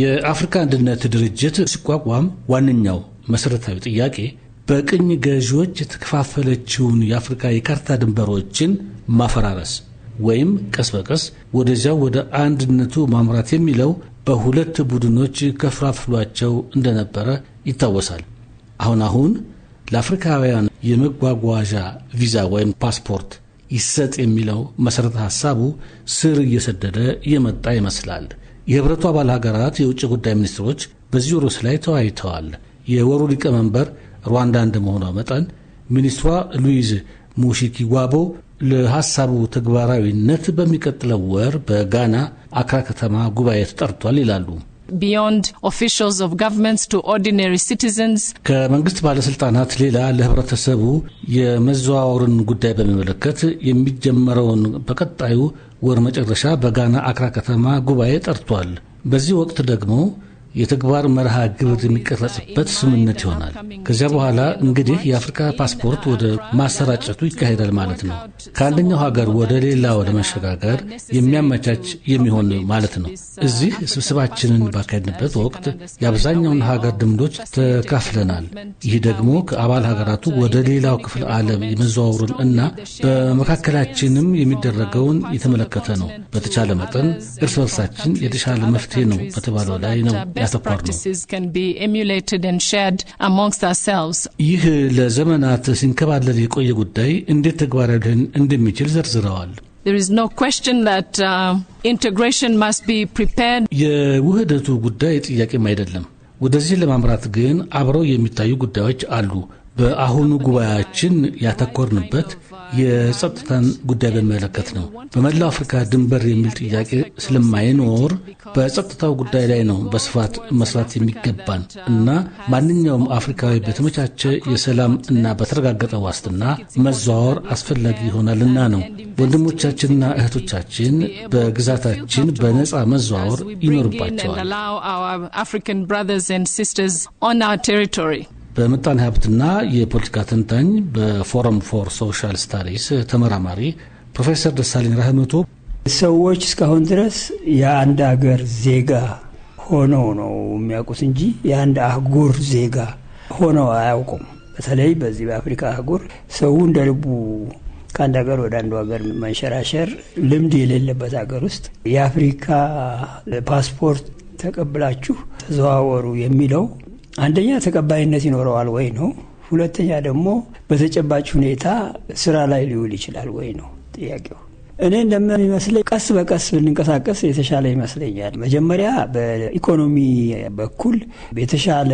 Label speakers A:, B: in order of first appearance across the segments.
A: የአፍሪካ አንድነት ድርጅት ሲቋቋም ዋነኛው መሰረታዊ ጥያቄ በቅኝ ገዢዎች የተከፋፈለችውን የአፍሪካ የካርታ ድንበሮችን ማፈራረስ ወይም ቀስ በቀስ ወደዚያው ወደ አንድነቱ ማምራት የሚለው በሁለት ቡድኖች ከፍራፍሏቸው እንደነበረ ይታወሳል። አሁን አሁን ለአፍሪካውያን የመጓጓዣ ቪዛ ወይም ፓስፖርት ይሰጥ የሚለው መሠረተ ሐሳቡ ስር እየሰደደ እየመጣ ይመስላል። የህብረቱ አባል ሀገራት የውጭ ጉዳይ ሚኒስትሮች በዚሁ ርዕስ ላይ ተወያይተዋል። የወሩ ሊቀመንበር ሩዋንዳ እንደመሆኗ መጠን ሚኒስትሯ ሉዊዝ ሙሺኪዋቦ ለሀሳቡ ተግባራዊነት በሚቀጥለው ወር በጋና አክራ ከተማ ጉባኤ ተጠርቷል ይላሉ።
B: ቢዮንድ ኦፊሻልስ ኦፍ ጋቨርንመንትስ
A: ከመንግስት ባለስልጣናት ሌላ ለህብረተሰቡ የመዘዋወርን ጉዳይ በሚመለከት የሚጀመረውን በቀጣዩ ወር መጨረሻ በጋና አክራ ከተማ ጉባኤ ጠርቷል። በዚህ ወቅት ደግሞ የተግባር መርሃ ግብር የሚቀረጽበት ስምምነት ይሆናል። ከዚያ በኋላ እንግዲህ የአፍሪካ ፓስፖርት ወደ ማሰራጨቱ ይካሄዳል ማለት ነው። ከአንደኛው ሀገር ወደ ሌላው ለመሸጋገር የሚያመቻች የሚሆን ማለት ነው። እዚህ ስብሰባችንን ባካሄድንበት ወቅት የአብዛኛውን ሀገር ልምዶች ተካፍለናል። ይህ ደግሞ ከአባል ሀገራቱ ወደ ሌላው ክፍል ዓለም የመዘዋወሩን እና በመካከላችንም የሚደረገውን የተመለከተ ነው። በተቻለ መጠን እርስ በርሳችን የተሻለ መፍትሄ ነው በተባለው ላይ ነው
B: amongst ourselves.
A: ይህ ለዘመናት ሲንከባለል የቆየ ጉዳይ እንዴት ተግባራዊ ሊሆን እንደሚችል ዘርዝረዋል። የውህደቱ ጉዳይ ጥያቄም አይደለም። ወደዚህ ለማምራት ግን አብረው የሚታዩ ጉዳዮች አሉ። በአሁኑ ጉባኤያችን ያተኮርንበት የጸጥታን ጉዳይ በሚመለከት ነው። በመላው አፍሪካ ድንበር የሚል ጥያቄ ስለማይኖር በጸጥታው ጉዳይ ላይ ነው በስፋት መስራት የሚገባን እና ማንኛውም አፍሪካዊ በተመቻቸ የሰላም እና በተረጋገጠ ዋስትና መዘዋወር አስፈላጊ ይሆናልና ነው። ወንድሞቻችንና እህቶቻችን በግዛታችን በነፃ መዘዋወር ይኖርባቸዋል። በምጣኔ ሀብትና የፖለቲካ ተንታኝ በፎረም ፎር ሶሻል ስታዲስ ተመራማሪ ፕሮፌሰር ደሳለኝ ራህመቶ ሰዎች እስካሁን ድረስ የአንድ አገር ዜጋ
C: ሆነው ነው የሚያውቁት እንጂ የአንድ አህጉር ዜጋ ሆነው አያውቁም። በተለይ በዚህ በአፍሪካ አህጉር ሰው እንደ ልቡ ከአንድ ሀገር ወደ አንዱ ሀገር መንሸራሸር ልምድ የሌለበት ሀገር ውስጥ የአፍሪካ ፓስፖርት ተቀብላችሁ ተዘዋወሩ የሚለው አንደኛ ተቀባይነት ይኖረዋል ወይ ነው። ሁለተኛ ደግሞ በተጨባጭ ሁኔታ ስራ ላይ ሊውል ይችላል ወይ ነው ጥያቄው። እኔ እንደሚመስለኝ ቀስ በቀስ ብንንቀሳቀስ የተሻለ ይመስለኛል። መጀመሪያ በኢኮኖሚ በኩል የተሻለ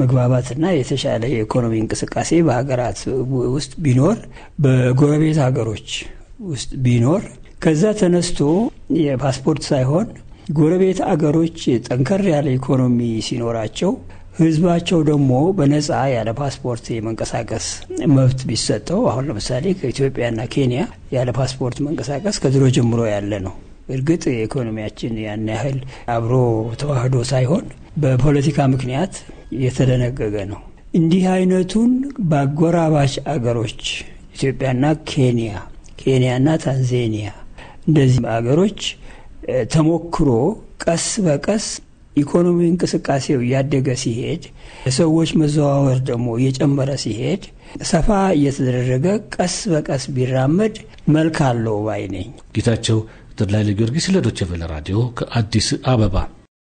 C: መግባባትና የተሻለ የኢኮኖሚ እንቅስቃሴ በሀገራት ውስጥ ቢኖር፣ በጎረቤት ሀገሮች ውስጥ ቢኖር ከዛ ተነስቶ የፓስፖርት ሳይሆን ጎረቤት አገሮች ጠንከር ያለ ኢኮኖሚ ሲኖራቸው ህዝባቸው ደግሞ በነጻ ያለ ፓስፖርት የመንቀሳቀስ መብት ቢሰጠው አሁን ለምሳሌ ከኢትዮጵያና ኬንያ ያለ ፓስፖርት መንቀሳቀስ ከድሮ ጀምሮ ያለ ነው። እርግጥ የኢኮኖሚያችን ያን ያህል አብሮ ተዋህዶ ሳይሆን በፖለቲካ ምክንያት የተደነገገ ነው። እንዲህ አይነቱን በአጎራባች አገሮች ኢትዮጵያና ኬንያ፣ ኬንያና ታንዛኒያ እንደዚህ አገሮች ተሞክሮ ቀስ በቀስ ኢኮኖሚ እንቅስቃሴው እያደገ ሲሄድ የሰዎች መዘዋወር ደግሞ እየጨመረ ሲሄድ ሰፋ እየተደረገ ቀስ በቀስ ቢራመድ መልክ አለው ባይ ነኝ።
A: ጌታቸው ተድላይ ኃይለ ጊዮርጊስ ለዶቼ ቬለ ራዲዮ ከአዲስ አበባ